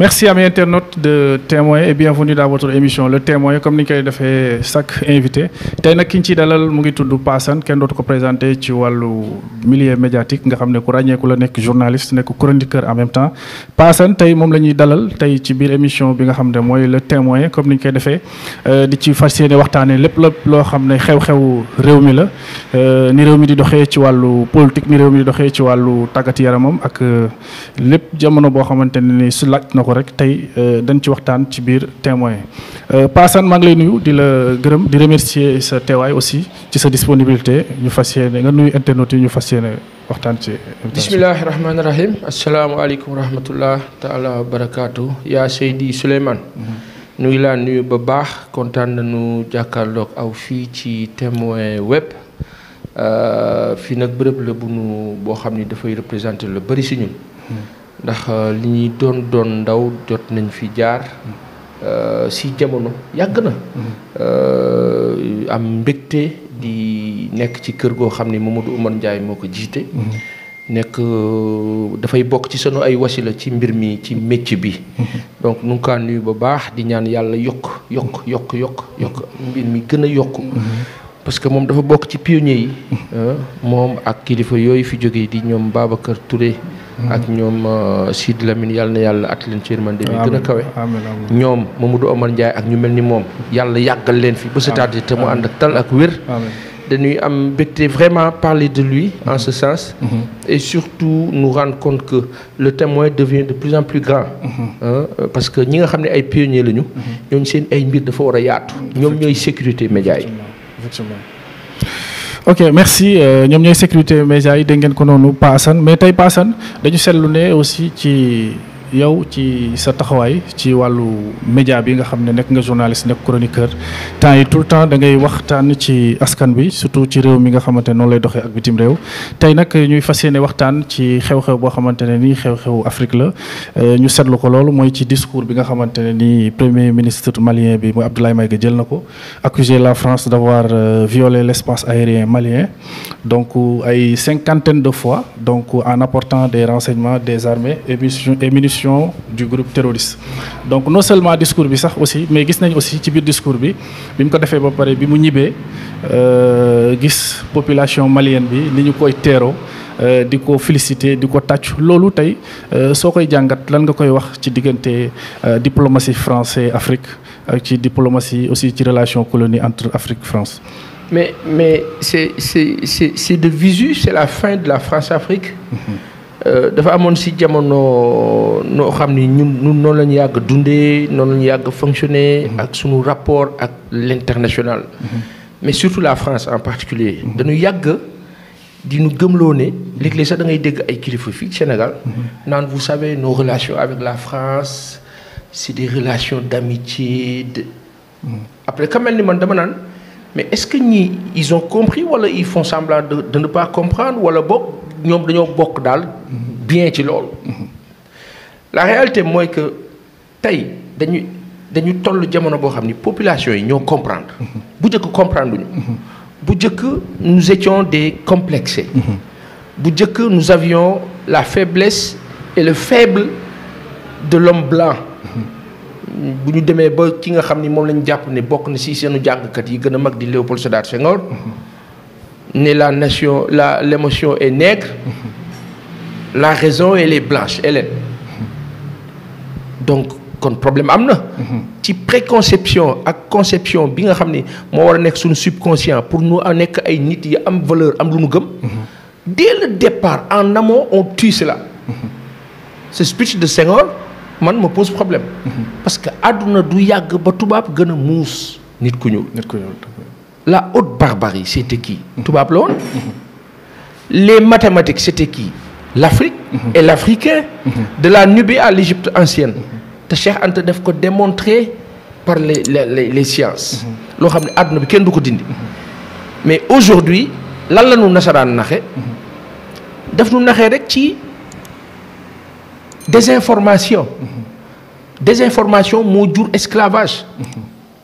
Merci à mes internautes de Témoin et bienvenue dans votre émission la Témoin comme ni ñu koy defee chaque invité tey nag ki ñu ciy dalal mu ngi tudd Passane kenn dootu ko présenté ci wàllu milieu médiatique nga xam ne ku ràññeeku la nekk journaliste nekk chroniqueur en même temps Passane tey moom la ñuy dalal tey ci biir émission bi nga xam ne mooy Le Témoin comme ni ñu koy defee euh, di ci fas yéene waxtaanee lépp lépp loo xam ne xew-xew réew mi la euh, ni réew mi di doxee ci wàllu politique ni réew mi doxee ci wàllu tàggat yaramam ak euh, lépp jamono boo xamante ne ni ko rek tey euh, dañ ci waxtaan ci biir témoin euh, Paasan maa ngi lay nuyu di la gërëm di remercier sa teewaay aussi ci sa disponibilité ñu fas yéene nga nuyu internautes yi ñu fas yéene waxtaan ci bismillahi rahmaani rahim asalaamaaleykum wa rahmatullah taala wa barakaatu yaa Seydi Souleymane ñu mm-hmm. ngi laa nuyu ba baax kontaan nañu jàkkaarloog aw fii ci témoin web euh, fii nag bërëb la bu nu boo xam ni dafay représenter lu bari si ñun mm-hmm. ndax euh, li ñuy doon doon ndaw jot nañ fi jaar euh, si jamono yàgg na euh, am mbégte di nekk ci kër goo xam ne ni Mamadou Oumar Ndiaye moo ko jiite nekk dafay bokk ci sunu ay wasila ci mbir mi ci métier bi donc nu ngi ba baax di ñaan yàlla yokk yokk yokk yokk yokk mbir mi gën a yokk parce que moom dafa bokk ci pionnier yi moom ak kilifa yooyu fi jóge di ñoom kër Touré Mm-hmm. ak ñoom uh, Sidi Lamine yàlla na yàlla at leen ci yërmande mi gën a moom ñoom Mamadou Omar Ndiaye ak ñu mel ni moom yàlla yàggal leen fii ba sa taat te mu ànd ak tal ak wér dañuy am mbégte vraiment parler de lui en mm-hmm. ce sens mm-hmm. et surtout nous rendre compte que le témoin devient de plus en plus grand parce que ñi nga xam ne ay pionniers lañu ñooñu seen ay mbir dafa war a yaatu ñoom ñooy sécurité média yi ok merci euh, ñoom ñooy sécurité média yi dégg ngeen ko noonu Pa Assane mais tey Pa dañu seetlu ne aussi ci. yow ci sa taxawaay ci wàllu média bi nga xam ne nekk nga journaliste nekk chroniqueur temps yi tout le temps da ngay waxtaan ci askan bi surtout ci réew mi nga xamante ne noonu lay doxee ak bitim réew tey nag ñuy fas yéene waxtaan ci xew-xew boo xamante ne nii xew-xew Afrique la euh, ñu seetlu ko loolu mooy ci discours bi nga xamante ne nii premier ministre malien bi mooy Abdoulaye ga jël na ko accusé la France d'avoir euh, violé l'espace aérien malien donc euh, ay cinquantaine de fois donc en e des des distribution du groupe terroriste donc non seulement discours bi sax aussi mais gis nañ aussi ci biir discours bi bi mu ko defee ba pare bi mu ñibbee euh, gis population malienne bi ni ñu koy teeroo euh, di ko féliciter di ko tàccu loolu tey euh, soo koy jàngat lan nga koy wax ci diggante diplomatie français Afrique ak ci diplomatie aussi ci relation colonie entre Afrique France mais mais c'est c'est c'est de visu c'est la fin de la France-Afrique mm-hmm. Euh, dafa amoon si jamono noo xam ni ñun noonu la ñu yàgg dundee noonu la ñu yàgg fonctionner. Mhm. ak suñu rapport ak l'international. Mhm. mais surtout la France en particulier mhm. dañu yàgg dinu ñu gëmloo ne léeg sax da ngay dégg ay kilifa fii Sénégal. naan vous savez nos relation avec la France c'est des relations d'amitié de. après ka mel ni man dama naan. mais est-ce que ñii ils ont compris wala ils font semblant de ne pas comprendre wala boog ñoom dañoo bokk daal bien ci loolu. la réalité mooy que tey dañu dañu toll jamono boo xam ni population yi ñoo comprendre. bu njëkk comprendre ñu. bu njëkk nous étions des complexe bu njëkk nu avions la faiblesse et le faible de l'homme blanc. bu ñu demee ba ki nga xam ni moom lañ jàpp ne bokk na ci seenu jàngkat yi gën a mag di Léopold Sédar Senghor ne la nation la l'émotion est nègre la raison elle les blanche Hélène donc kon problème am na ci préconception ak conception bi nga xam ni moo war a nekk suñu subconscient pour nu nekk ay nit yi am valeur am lu nu gëm dès le départ en amont on tue cela ce speech de Senghor man ma pose problème. parce que àdduna du yàgg ba tubaab gën a muus. nit ku ñuul nit ku ñuul la haute barbarie c'était qui tubaab la woon. les mathématiques c'était qui l'Afrique. et l'Africain. de la Nubie à l'Égypte ancienne. te Cheikh Anta def ko démontrer par le les les sciences. loo xam ne àdduna bi kenn du ko dindi. mais aujourd'hui lan la ñu nasaraan naxe. def ñu naxe rek ci. désinformation désinformation moo jur esclavage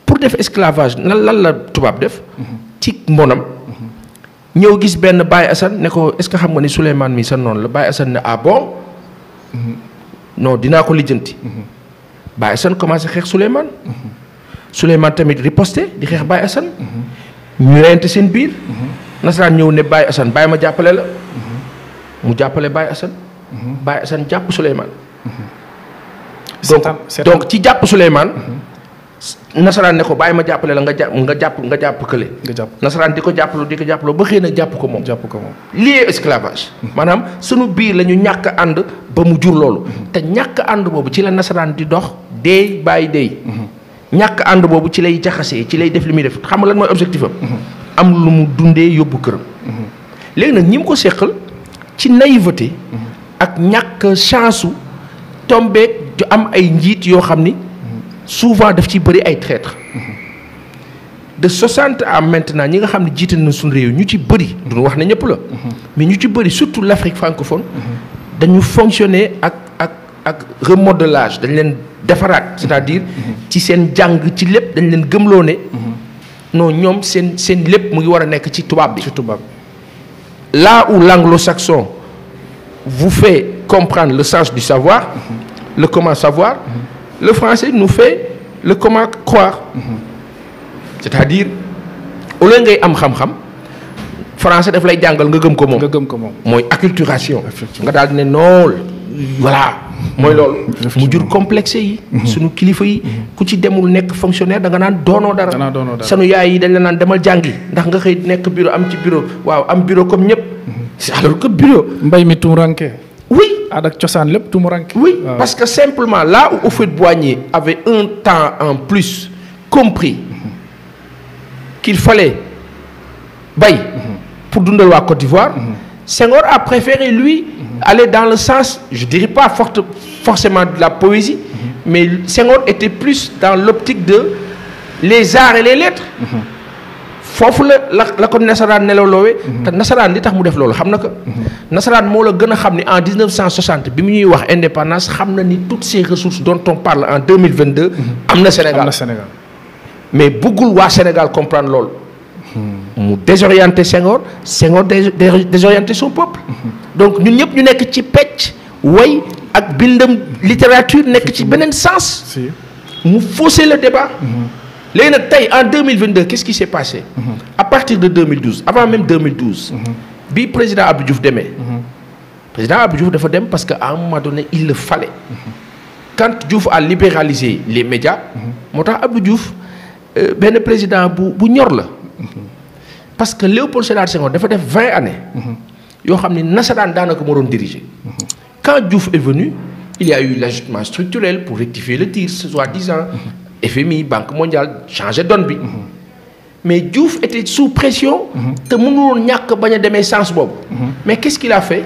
pour def esclavage nan lan la tubaab def ci mbonam ñëw gis benn Baye Assane ne ko est-ce que xam nga ni Souleymane mi sa noon la Baye Assane ne ah bon non dinaa ko lijjanti Baye Assane commencé xeex Souleymane Souleymane tamit riposté di xeex Baye Assane ñu reyante seen biir nasaraan ñëw ne Baye Assane Baye ma jàppale la mu jàppale Baye Assane Baye Assane jàpp Souleymane. donc ci jàpp Souleymane. Mhm. nasaraan ne ko bàyyi ma jàppale la nga jàpp nga jàpp nga jàpp kële. nga jàpp nasaraan di ko jàppaloo di ko jàppaloo ba xëy na jàpp ko moom. jàpp ko moom lié esclavage. Mhm. maanaam sunu biir la ñu ñàkk ànd ba mu jur loolu. Mhm. te ñàkk ànd boobu ci la nasaraan di dox dee bàyyi dee. ñàkk ànd boobu ci lay jaxasee ci lay def li muy def xam nga lan mooy objectif am. lu mu dundee yóbbu këram. léegi nag ñi mu ko seqal ci naïveté. ak ñàkk chance su tombé ju am ay njiit yoo xam ni souvent daf ci bëri ay traître de 60 à maintenant ñi nga xam ne jiite na suñu réew ñu ci bëri duñu wax ne ñëpp la mais ñu ci bëri surtout l'Afrique francophone dañu fonctionner ak ak ak remodelage dañ leen defaraat cest à ci seen jàng ci lépp dañ leen gëmloo ne non ñoom seen seen lépp mu ngi war a nekk ci tubaab bi ci tubaab là où l'anglo-saxon vous fait comprendre le sens du savoir, mhm. le comment savoir. Mhm. Le français nu fait le comment croire. Mhm. c'est-à-dire au lieu ngay am xam-xam français daf lay jàngal nga gëm ko moom. nga gëm ko moom mooy acculturation. nga daal di ne nool voilà. mooy loolu mu jur complexe yi. sunu kilifa yi. ku ci demul nekk fonctionnaire da nga naan doonoo dara. sanu yaay yi dañ la naan demal jàngi ndax nga xëy nekk bureau am ci bureau waaw am bureau comme ñëpp. alors que bureau. mbay mi tumuranke oui aada ak cosaan lépp tumuranke oui parce que simplement là où Houphouët-Boigny avait un temps en plus compris qu'il fallait bay pour dundal waa Côte d'Ivoire Senghor a préféré lui aller dans le sens je dirais pas forcément de la poésie mais Senghor était plus dans l'optique de les arts et les lettres foofu la la la ko nasaraan nelawloowee mhm. te nasaraan li tax mu def loolu xam na ko mhm. nasaraan moo la gën a xam ni en 1960 bi mu ñuy wax indépendance xam na ni toutes ces ressources dont on parle en 2022 mhm. am na Sénégal am na Sénégal mais buggul waa Sénégal comprendre lool mu désorienté Senghor Senghor désorienté son peuple donc ñun ñëpp ñu nekk ci pecc way ak bindam littérature nekk ci beneen sens mu fausser le débat léegi nag tey en 2022 qu'est-ce qui s'est passé mm-hmm. à partir de 2012 avant même 2012 mm-hmm. bi président Abdou Diouf demee mm-hmm. président Abdou Diouf dafa dem parce que à un moment donné il le fale quand Diouf a libéralisé les médias moo tax abu Diouf euh, benn président bu bu ñor la parce que Léopold Sédar Senghor dafa def vingt années yoo xam ne nasaraan daanaka moo doon diriger quand Diouf est venu il y a eu l'ajustement structurel pour rectifier le tir soi-disant FMI banque mondiale changé donne bi. Mhm. mais Diouf était sous pression. Mhm. te mënuloon ñàkk bañ a demee sens boobu. Mhm. mais qu'est-ce qu'il a fait.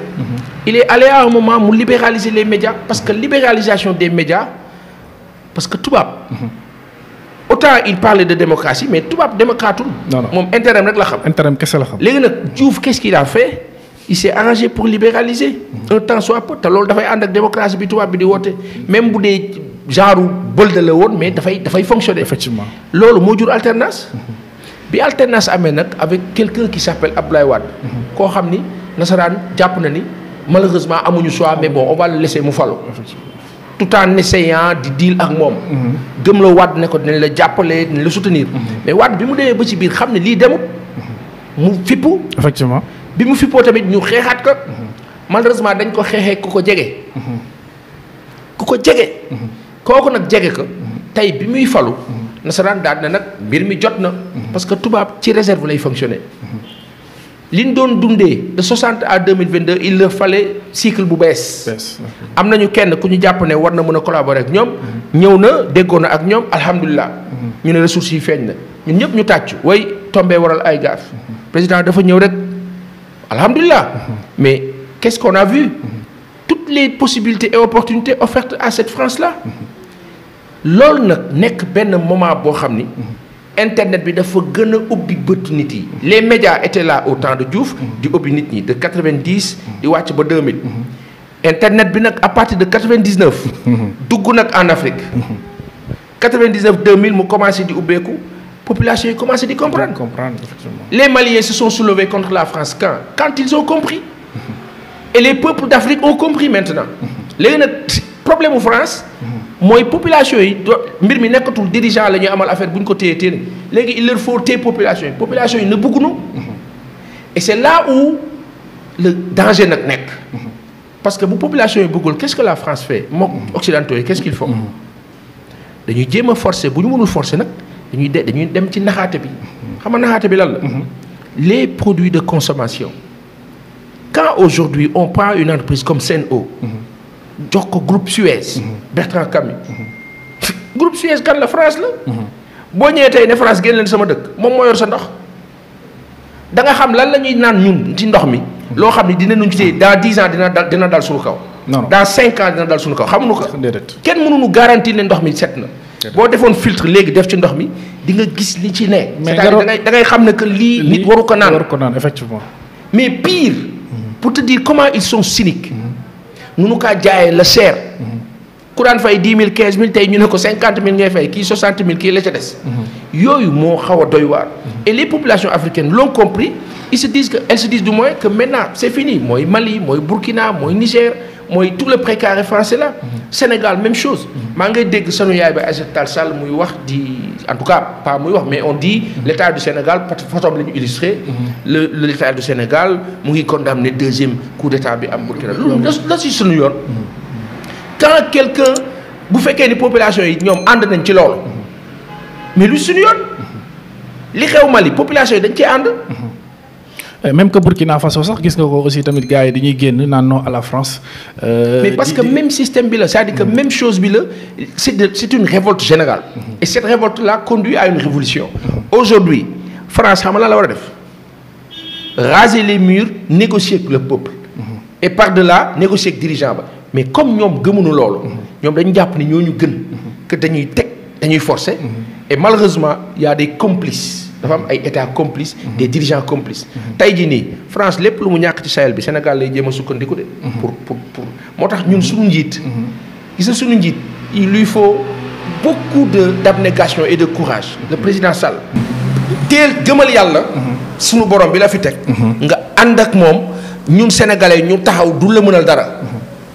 il est moment mu libéraliser les médias parce que libéralisation des médias parce que tubaab. autant il parlait de démocratie mais tubaab démocratul. moom intérim rek la xam. intérim kese la xam. léegi nag Diouf qu'est-ce qu'il a arrangé pour libéraliser. un temps soit peu te loolu dafay ànd ak démocratie bi tubaab bi di woote. même bu dee genre bëlde la woon mais dafay dafay fonctionner. effectivement loolu moo jur alternance. bi alternance amee nag avec quelqu'un qui s'appelle Abdoulaye Wade. koo xam ni nasaraan jàpp na ni malheureusement amuñu choix amee boo on va le laisser mu falu. tout en essayant di diil ak moom. Mm-hmm. gëm la Wade ne ko dina la jàppale dinañ la soutenir. Mm-hmm. mais Wade bi mu demee ba ci biir xam ne lii demut. Mm-hmm. mu fippu. effectivement bi mu fippoo tamit ñu xeexaat ko. malheureusement dañ ko xeexee ku ko jege. ku ko jege. kooku nag jege ko tey bi muy falu nasaraan daal na nag mbir mi jot na parce que tubaab ci réserve lay fonctionner li ñu doon dundee de 60 à 2022 il leur fale cycle bu bees. am nañu kenn ku ñu jàpp ne war na mën a collaborer ak ñoom. ñëw na déggoo na ak ñoom alhamdulilah. ñu ne ressources yi feeñ na ñun ñëpp ñu tàcc. way tombe waral ay gaaf. président dafa ñëw rek alhamdulilah. mais qu'est-ce les possibilités et opportunités offertes à cette france la loolu nag nekk benn moment boo xam ni internet bi dafa gën a ubbi bëtu nit yi les médias étaient la au temps de Diouf di ubbi nit ñi de 90 di wàcc ba 2000 internet bi nag à partir de 99 dugg nag en Afrique 99 2000 mu commencé di ubbeeku population yi commencé di comprendre comprendre les Maliens se sont soulevés contre la France quand quand ils ont compris et les peuples d'Afrique ont compris maintenant léegi nag problème bu France mooy population yi do mbir mi nekkatul dirigeant la ñuy amal affaire bu ñu ko téye téye léegi il leur faut téye population yi population yi na bëgguñu et c'est là où le danger nag nekk parce que bu population yi bëggul qu'est-ce que la France fait mook occidentaux yi qu'est-ce qu'ils font dañuy jéem a forcer bu ñu mënul forcer nag dañuy de dañuy dem ci naxaate bi xam nga naxaate bi lan la mhm. les produits de consommation quand aujourd'hui on prend une entreprise comme Sen'Eau jox ko groupe Suez Bertrand Camus groupe Suez kan la France la boo ñëwee tey ne France génn leen sama dëkk moom moo yor sa ndox da xam lan la ñuy naan ñun ci ndox mi loo xam ni dina dinañu ci dans dix ans dina dal dina dal suñu kaw dans cinq ans dina dal suñu kaw xamuñu ko kenn mënuñu garantie ne ndox mi set na boo defoon filtre léegi def ci ndox mi dinga gis ni ci ne c'est-à-dire da ngay xam ne que lii nit waru ko naan waru ko pour te dire comment ils sont cyniques. munu kaa jaayee la cher. ku daan fay dix mille quinze mille tey ñu ne ko cinquante mille ngay fay kii soixante mille kii la ca des. yooyu moo xaw a doy waar. et les populations africaines l'ont compris ils se disent que elles se disent du moins que maintenant c'est fini mooy Mali mooy Burkina mooy Niger. mooy tout le précaré français la mhm. Sénégal même chose. Mhm. maa ngay dégg sanu yaay ba Aïssata Tall Sall muy wax di en tout cas pas muy wax mais on di mhm. l' état du Sénégal photo la ñu illustré. le l' état du Sénégal mu ngi condamné deuxième coup d' état bi am Burkina lu la si sunu yoon. quand quelqu'un bu fekkee ni population yi ñoom ànd nañ ci loolu. mais lu suñu yoon. li xew Mali population yi dañ ci ànd. Euh, même que Burkina Faso sax gis nga ko aussi tamit gars yi dañuy génn naan non à la France. Euh, mais parce que même système bi la c'est-à-dire que même chose bi la c'est c'est une révolte générale. et cette révolte là conduit à une révolution aujourd'hui France xam la war a def raser les murs négocier avec le peuple. et par delà négocier ak dirigeant ba mais comme ñoom gëmuñu loolu. ñoom dañu jàpp ni ñu gën. que dañuy teg dañuy force et malheureusement y a des complices. dafa am ay état complice mhm. des dirigeants complices mhm. tey jii nii France lépp lu mu ñàkk ci Sahel bi Sénégal lay jéem sukkandiku de mhm. pour pour pour moo tax ñun suñu njiit gis nga suñu njiit il lui faut beaucoup de d'abnégation et de courage le président Sall teel gëmal yàlla suñu borom bi la fi teg nga ànd ak moom ñun sénégalais ñu taxaw du la mënal dara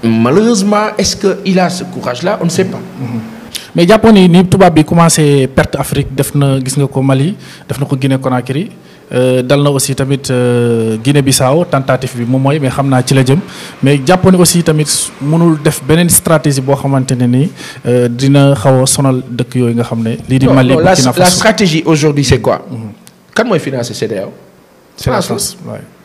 malheureusement est-ce que il a ce courage là on ne sait pas mais jàppoon ni ni tubaab bi commencé perte Afrique def na gis nga ko Mali def na ko Guinée Conakry euh, dal na aussi tamit euh, Guinée Bissau tentative bi moom mooy mais xam naa ci la jëm mais jàppoon aussi tamit mënul def beneen stratégie boo xamante ne ni euh, dina xaw a sonal dëkk yooyu nga xam ne. lii di Mali Burkina Faso la stratégie aujourd'hui c'est quoi. Mhm. kan mooy financer CEDEAO. c'est la France waaw.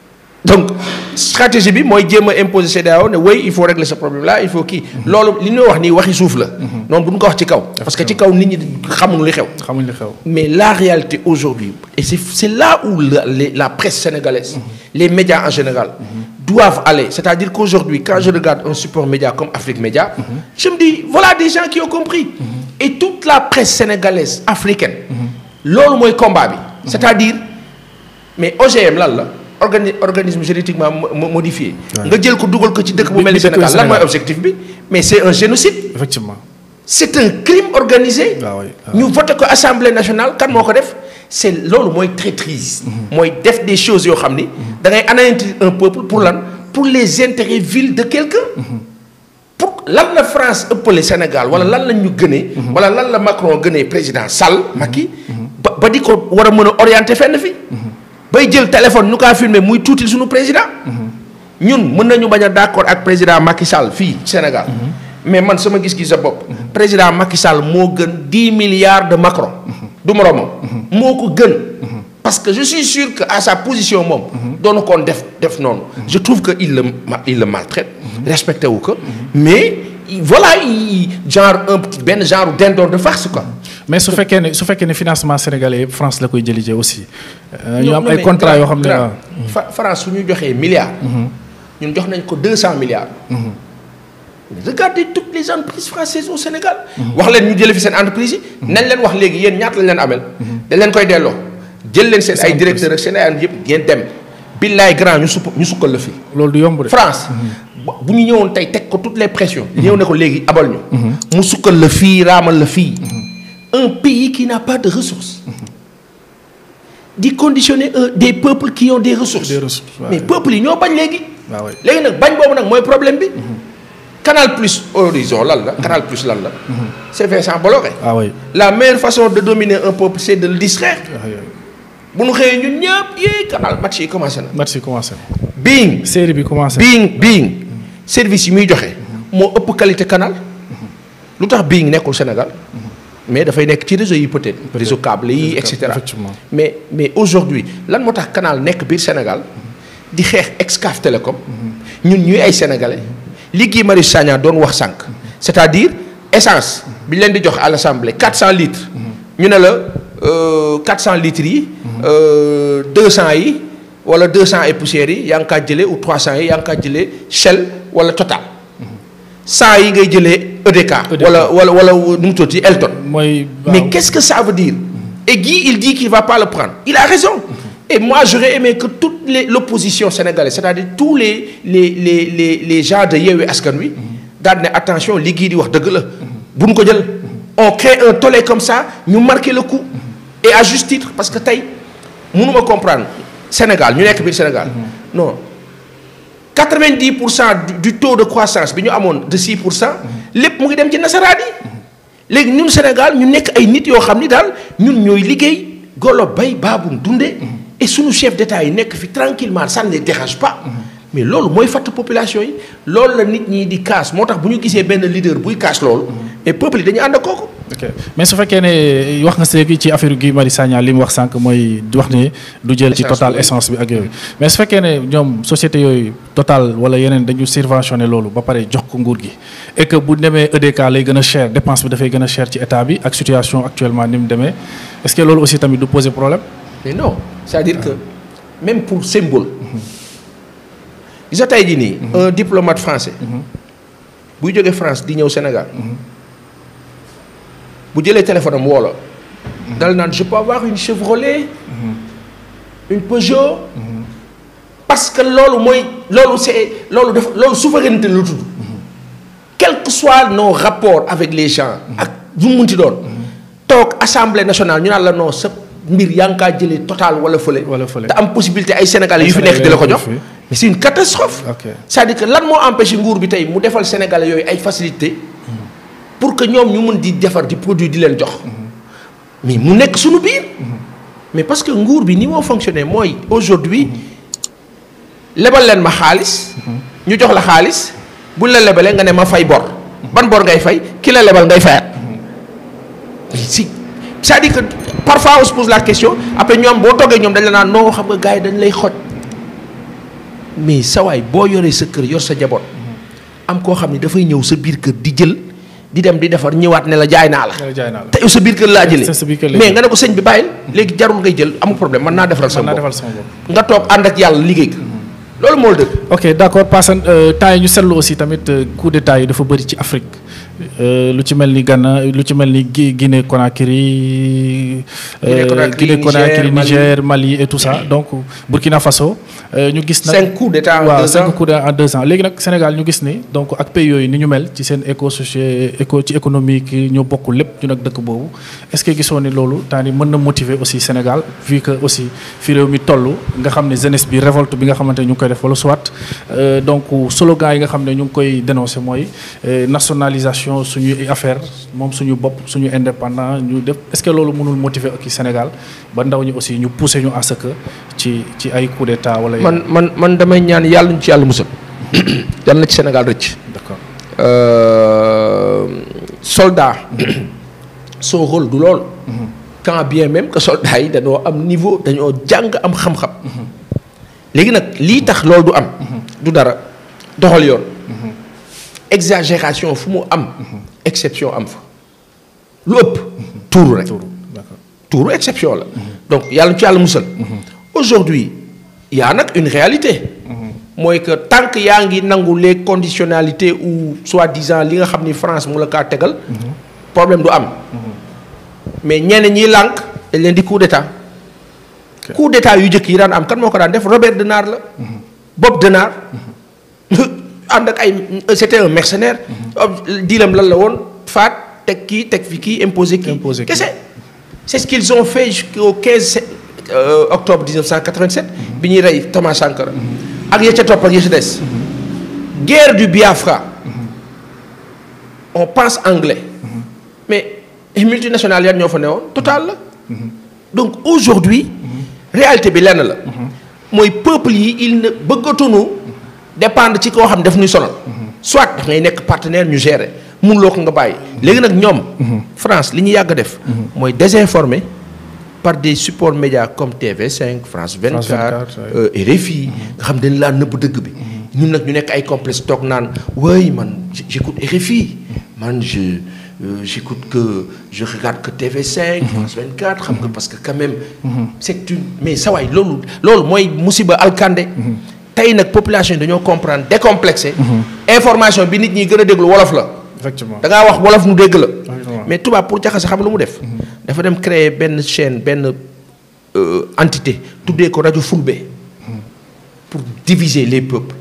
donc stratégie bi mooy jéem a imposer CEDEAO ne oui il faut régler ce problème là il faut kii loolu li ñuy wax nii waxi suuf la noonu bu ñu ko wax ci kaw parce que ci kaw nit ñi xamuñu li xew xamuñu li xew mais la réalité aujourd'hui et c'est c'est là où la la presse sénégalaise les médias en général doivent aller c'est-à-dire qu'aujourd'hui quand je regarde un support média comme Afrique Média je me dis voilà des gens qui ont compris et toute la presse sénégalaise africaine loolu mooy combat bi cest à mais OGM lan la organi organisme génétiquement modifié. nga jël ko dugal ko ci dëkk bu mel ni Sénégal lan mooy objectif bi. mais c'est un génocide. effectivement c'est un crime organisé. Ah ah ñu voté ko assemblée nationale kan moo ko def. c'est loolu mooy traîtrise. Mm-hmm. mooy def des choses yoo xam ni. Mm-hmm. da ngay anéantir un peuple pour lan mm-hmm. pour les intérêts vils de quelqu'un. pour lan la France ëppale Sénégal wala lan la ñu gënee. wala lan la Macron gënee président Sall Macky. ba di ko war a mën a orienter fenn fi bay jël téléphone ñu kaa filmer muy tuutil suñu président. ñun mën nañu bañ a d'accord ak président Macky Sall fii Sénégal. mais man sama gis-gis sa bopp. président Macky Sall moo gën dix milliards de Macron. du moromam. moo ko gën. parce que je suis sûr que à sa position moom. doon koon def def noonu. je trouve que il le il le maltraite. respecté wu ko. mais voilà genre un benn genre dendoor de farce quoi. mais su fekkee ne su fekkee ne financement sénégalais yëpp France la koy jëlijee aussi. Euh, ñu am ay contrat yoo xam ne waaw. France su ñu joxee milliards. Mhm. ñun jox nañ ko deux cent milliards. Mhm. regardez toutes les entreprises françaises au mhm. wax leen ñu jëlee fi seen entreprise nañ leen wax léegi yéen ñaata lañ leen ameel dañ leen koy delloo. jël leen seen ay directeur ak seen ay and yëpp ngeen dem. billaay grand ñu supp sukkal la fi. loolu du yomb de France. bu ñu ñëwoon tey teg ko toutes les pressions. ñëw ne ko léegi abal ñu. mu sukkal la fii raamal la fii. un pays qui n'a pas de ressources. di conditionner euh, des peuples qui ont des ressources. Des ressources mais peuples yi ñoo bañ léegi. waaw ah léegi nag bañ boobu nag mooy problème bi. Mhm. Canal Plus Horizon lan la. Canal lan la. Mhm. c'est Vincent Bolloré. Ah la meilleure façon de dominer un peuple c'est de le distraire. Ah bu ñu xëyee ñun ñëpp yéen canal match yi commencé na. match yi commencé na. biing série bi commencé na biing biing mhm. yi muy joxe. moo ëpp qualité canal. lu tax biing nekkul Sénégal. mais dafay nekk ci réseau yi peut-être réseau câble yi et cetera mais mais aujourd'hui lan moo tax canal nekk biir Sénégal di xeex Excaf Télécom ñun ñuy ay sénégalais li Guy Marius Sagna doon wax sànq c'est-à-dire essence bi ñu leen di jox à l'assemblée 400 litres ñu ne la euh, cent litres yi 200 euh, yi wala 200 et poussières yi yaa ngi kaa jëlee ou 300 yi yaa ngi kaa jëlee Shell wala Total 100 yi ngay jëlee EDK. E wala wala wala nu mu tuddati Elton. mooy mais qu'est-ce que ça veut dire. et Guy il dit qu'il va pas le prendre il a raison. et moi j'aurais aimé que toute les l'opposition sénégalaise c'est-à-dire tous les les les gens de Yewwi Askan Wi. daal ne attention li Guy di wax dëgg la. bu ko jël. on crée un tollé comme ça ñu marqué le coup. et à parce que tey mënuma comprendre Sénégal ñu nekk biir Sénégal. non. quatre vingt pour cent du taux de croissance bi ñu amoon de six pour cent lépp mu ngi dem ci nasaraan yi léegi ñun Sénégal ñu nekk ay nit yoo xam ni daal ñun ñooy liggéey golo bay baabum dunde et suñu chef d'état yi nekk fi tranquillement ça ne les dérange pas mais loolu mooy fatt population yi loolu la nit ñi di kaas moo tax bu ñu gisee benn leader buy kaas loolu mais peuple yi dañu ànd ak kooku ok mais su fekkee ne eh, wax nga seegi ci affaire Guy Marius Sagna li mu wax sànq mooy wax ne du jël ci total essence bi ak yooyu mais su fekkee ne ñoom société yooyu total wala yeneen dañu subventionné loolu ba pare jox ko nguur gi et bu demee EDK lay gën a cher dépense bi dafay gën a cher ci état bi ak situation actuellement ni demee est-ce que loolu aussi tamit du poser problème mais non c'est-à-dire que même pour symbole gis nga tey jii nii mhm. un diplomate français mhm. buy jógee France di bu jëlee téléphone am woo la. dal naan je peux avoir une Chevrolet. Mhm. une Peugeot. Mhm. parce que loolu mooy loolu c'est loolu def loolu souveraineté lu tudd. Mhm. quel que soit nos rapports avec les gens. ak bu mu ti doon. toog assemblée nationale ñu naan la noo sa mbir yaa ngi kaa jëlee total wala fële. wala fële te am possibilité ay sénégal yu fi nekk di la ko jox. si c'est une catastrophe. cest dire que lan moo empêché nguur bi tey mu defal sénégalais yooyu ay facilité pour que ñoom ñu mën di defar di produit di leen jox mais mu nekk suñu biir mais parce que nguur bi nii moo fonctionné mooy aujourd'hui lebal leen ma xaalis ñu jox la xaalis buñ la lebalee nga ne ma fay bor ban bor ngay fay ki la lebal ngay fayat si c'est-à-dire que parfois on pose la question après ñoom boo toggee ñoom dañ la naan noo xam nga gars yi dañ lay xoj mais sawaay boo yoree sa kër yor sa njaboot am koo xam ne dafay ñëw sa biir kër di jël di dem di defar ñëwaat ne la jaay naa la te sa biir kër laa jëlee mais nga ne ko sëñ bi bàyyil léegi jarul ngay jël amul problème mën naa defaral sama bopp nga toog ànd ak yàlla liggéey loolu moo dëgg. ok d' accord Passane euh, temps yi ñu seetlu aussi tamit euh, coup d'état yi dafa bëri ci Afrique euh, lu ci mel ni ganna lu ci mel ni Guinée Conakry. Guinée Conakry Niger Mali et tout ça donc Burkina Faso. ñu gis nag cinq coups d'état en deux ans waaw cinq coups d'état en deux ans léegi nag Sénégal ñu gis ni donc ak pays yooyu ni ñu mel ci seen éco socié éco ci économique ñoo bokk lépp ñu nag dëkk boobu est ce que gisoo ni loolu temps mën na motiver aussi Sénégal vu que aussi fi réew mi toll nga xam ne jeunesse bi nga xamante ne def wala soit euh, donc slogan yi nga xam ne ñu ngi koy dénoncé mooy euh, nationalisation suñuy affaire moom suñu bopp suñu indépendant ñu def est-ce que loolu mënul motiver ak Sénégal ba ndaw ñi aussi ñu pousser ñu à ce que ci ci ay coup d'état wala. man man man damay ñaan yàlla ñu ci yàlla musal. yàlla na ci Sénégal rëcc. d'accord euh, soldat. son rôle du lool. Mm-hmm. quand bien même que soldats yi dañoo am niveau dañoo jàng am xam-xam. Mm-hmm. léegi nag lii tax loolu du am. Mhm. du dara doxal yoon. Mhm. exagération fu mu am. Mhm. exception am fa lu ëpp. tuuru rek tuuru exception la. donc yàlla ci yàlla musal. aujourd'hui y a nag une réalité. mooy que tant yaa ngi nangu les conditionnalités ou soi-disant li nga xam ni France mu la kaa tegal. problème du am. mais ñenn ñiy lànk dañ leen di coup d'état coup d'état yu jëkk yi daan am kan moo ko daan def Robert Denard la. Mm-hmm. Bob Denard. ànd ak ay c'était un mercenaire. Mm-hmm. diilam lan la woon faat teg kii teg fi kii imposé kii. imposé kese c'est ce qu'ils ont fait jusqu'au 15 euh, octobre 1987. Mm-hmm. bi ñuy rey Thomas Sankara. ak ya ca topp ak ya ca des. guerre du Biafra. on pense anglais. mais multinationale yan ñoo fa newoon total la. donc aujourd'hui réalité bi lenn la. mooy peuple yi il na bëggatuñu dépendre ci koo xam daf ñuy sonal. soit daf ngay nekk partenaire ñu gérer mënuloo ko nga bàyyi. léegi nag ñoom. France li ñu yàgg def. mooy désinformer par des supports médias comme tv cinq France 24. France 24 euh, RFI nga xam dañ laa nëbb dëgg bi. ñun nag ñu nekk ay complexe toog naan waay man j'écoute RFI man je. Euh, j'écoute que je regarde que TV5. Mhm. xam nga mhm. parce que quand même. Mhm. mais saa waay loolu. loolu mooy musiba alkande. tey nag population dañoo comprendre décomplexé. information bi nit ñi gën a déglu wolof la. effectivement da ngaa wax wolof nu dégg la. mais tubaab pour jaxase xam lu mu def. dafa dem créer benn chaîne benn euh, entité. tuddee ko rajo Fulbe. pour diviser les peuples.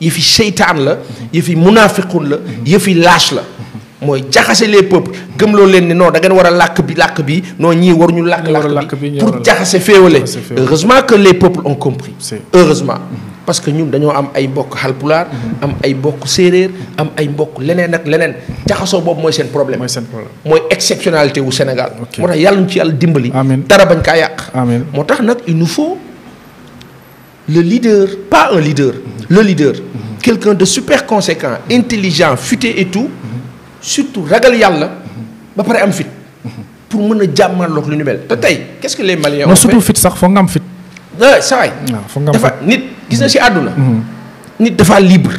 yëfi seytaan la. yëfi munafiqun la. yëfi lâche la. mooy jaxase les peuples gëmloo leen ne non dangeen war a làkk bi làkk bi non ñii waruñu làkk làkk bi pour jaxase féewale heureusement que les peuples ont compris heureusement mm-hmm. parce que ñun dañoo am ay mbokk xalpulaar mm-hmm. am ay mbokk séeréer am ay mbokk leneen ak leneen jaxasoo boobu mooy seen problème mooy exceptionalité wu Sénégal moo tax yàlla ñu ci yàlla dimbali dara bañ kaa yàq moo tax nag il nous faut le leader pas un leader mm-hmm. le leader quelqu'un de super conséquent intelligent futé et tout surtout ragal yàlla ba pare am fit pour mën a look lu ñu mel te tey qu'est-ce mal les Maliens non surtout fit sax foog nga am fit ah saa ah, dafa nit gis na si àdduna mhm. nit dafa libre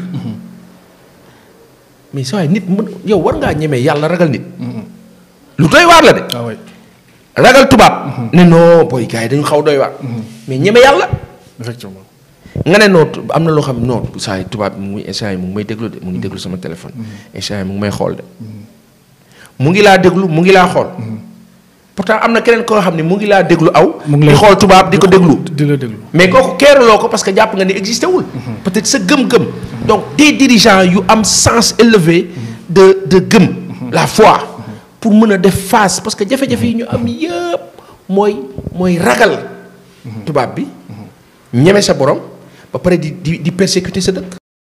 mais saa yi nit mën yow war ngaa ñemee yàlla ragal nit mhm. lu doy waar la de ah, ragal tubaab mhm. ne non boy gars yi dañu xaw doy waar mais ñeme yàlla nga ne non am na loo xam non saa yi tubaab mu ngi instant yi mu ngi may déglu de mu ngi déglu sama téléphone. Mm-hmm. instant mu ngi may xool de. mu ngi laa déglu mu ngi laa xool. Mm-hmm. pourtant am na keneen koo xam ne mu ngi laa déglu aw. mu ngi di xool tubaab di ko déglu. di la déglu mais kooku keeraloo ko parce que jàpp nga ni existé wul. Mm-hmm. peut-être sa gëm-gëm. donc des dirigeants yu am sens élevé. de de gëm. la foi. pour mën a def face parce que jafe-jafe yi ñu am yëpp mooy mooy ragal. tubaab bi ñeme sa borom. ba pare di di di persécuter sa dëkk.